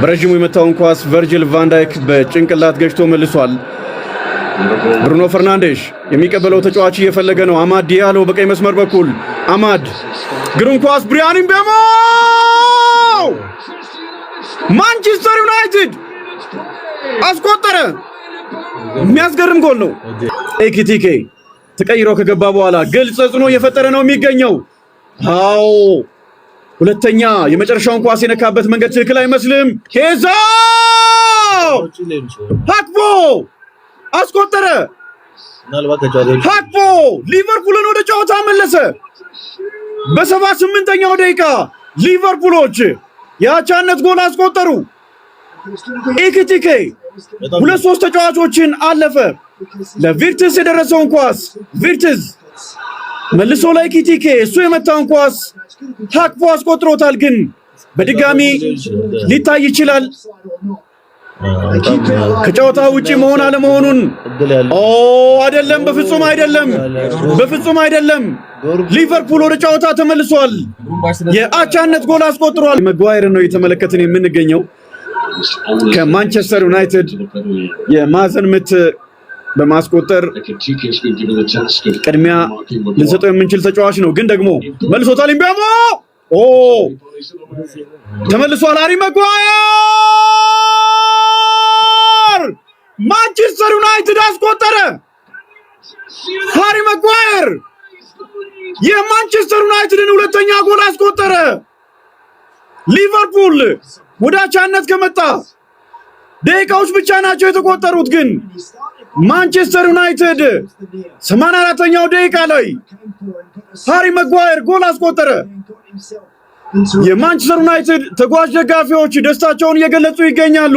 በረዥሙ የመታውን ኳስ ቨርጅል ቫንዳይክ በጭንቅላት ገጭቶ መልሷል። ብሩኖ ፈርናንዴሽ የሚቀበለው ተጫዋች እየፈለገ ነው። አማድ ዲያሎ በቀኝ መስመር በኩል አማድ ግሩም ኳስ ብሪያን ምቤሞ ማንቸስተር ዩናይትድ አስቆጠረ። የሚያስገርም ጎል ነው። ኤኪቲኬ ተቀይሮ ከገባ በኋላ ግልጽ ተጽዕኖ እየፈጠረ ነው የሚገኘው አዎ ሁለተኛ የመጨረሻውን ኳስ የነካበት መንገድ ትክክል አይመስልም። ሄዛ ሀክፎ አስቆጠረ። ሀክፎ ሊቨርፑልን ወደ ጨዋታ መለሰ። በሰባ ስምንተኛው ደቂቃ ሊቨርፑሎች የአቻነት ጎል አስቆጠሩ። ኢክቲኬ ሁለት ሶስት ተጫዋቾችን አለፈ። ለቪርትስ የደረሰውን ኳስ ቪርትስ መልሶ ላይ ኢክቲኬ እሱ የመታውን ኳስ ታቅፎ አስቆጥሮታል። ግን በድጋሚ ሊታይ ይችላል። ከጨዋታ ውጪ መሆን አለመሆኑን ኦ አይደለም፣ በፍጹም አይደለም፣ በፍጹም አይደለም። ሊቨርፑል ወደ ጨዋታ ተመልሷል። የአቻነት ጎል አስቆጥሯል። መጓየር ነው እየተመለከትን የምንገኘው ከማንቸስተር ዩናይትድ የማዕዘን ምት በማስቆጠር ቅድሚያ ልንሰጠው የምንችል ተጫዋች ነው። ግን ደግሞ መልሶታል። ኢምቢያሞ ኦ ተመልሷል። ሃሪ ማጓየር ማንቸስተር ዩናይትድ አስቆጠረ። ሃሪ ማጓየር የማንቸስተር ዩናይትድን ሁለተኛ ጎል አስቆጠረ። ሊቨርፑል ወደ አቻነት ከመጣ ደቂቃዎች ብቻ ናቸው የተቆጠሩት ግን ማንቸስተር ዩናይትድ ሰማንያ ኛው ደቂቃ ላይ ሃሪ መጓየር ጎል አስቆጠረ። የማንቸስተር ዩናይትድ ተጓዥ ደጋፊዎች ደስታቸውን እየገለጹ ይገኛሉ።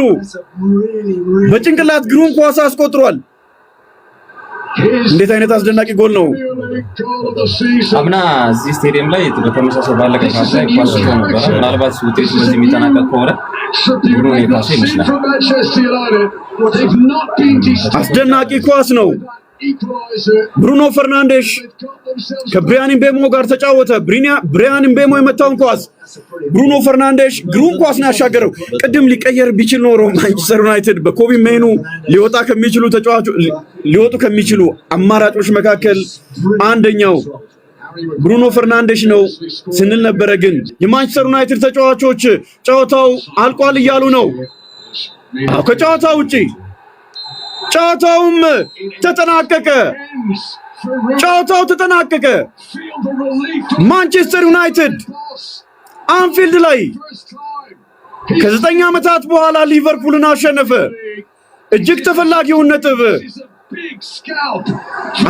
በጭንቅላት ግሩም ኳስ አስቆጥሯል። እንዴት አይነት አስደናቂ ጎል ነው! አምና እዚህ ስቴዲየም ላይ በተመሳሳይ ባለቀ ኳስ ላይ ኳስ ነበረ። ምናልባት ውጤቱ በዚህ የሚጠናቀቅ ከሆነ አስደናቂ ኳስ ነው። ብሩኖ ፈርናንዴሽ ከብሪያን ምቤሞ ጋር ተጫወተ። ብሪያን ምቤሞ የመታውን ኳስ ብሩኖ ፈርናንዴሽ ግሩም ኳስ ነው ያሻገረው። ቅድም ሊቀየር ቢችል ኖሮ ማንቸስተር ዩናይትድ በኮቢ ሜኑ ሊወጣ ከሚችሉ ተጫዋቾች ሊወጡ ከሚችሉ አማራጮች መካከል አንደኛው ብሩኖ ፈርናንዴሽ ነው ስንል ነበረ። ግን የማንቸስተር ዩናይትድ ተጫዋቾች ጨዋታው አልቋል እያሉ ነው። ከጨዋታ ውጪ ጨዋታውም ተጠናቀቀ። ጨዋታው ተጠናቀቀ። ማንቸስተር ዩናይትድ አንፊልድ ላይ ከዘጠኝ ዓመታት በኋላ ሊቨርፑልን አሸነፈ። እጅግ ተፈላጊውን ነጥብ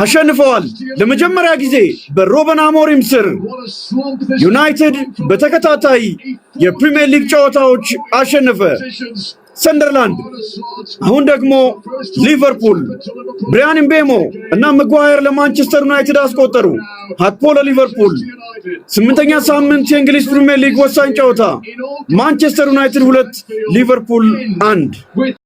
አሸንፈዋል። ለመጀመሪያ ጊዜ በሮበን አሞሪም ስር ዩናይትድ በተከታታይ የፕሪምየር ሊግ ጨዋታዎች አሸነፈ። ሰንደርላንድ፣ አሁን ደግሞ ሊቨርፑል። ብሪያን ምቤሞ እና መጓየር ለማንቸስተር ዩናይትድ አስቆጠሩ። ሃክፖ ለሊቨርፑል። ስምንተኛ ሳምንት የእንግሊዝ ፕሪምየር ሊግ ወሳኝ ጨዋታ ማንቸስተር ዩናይትድ ሁለት ሊቨርፑል አንድ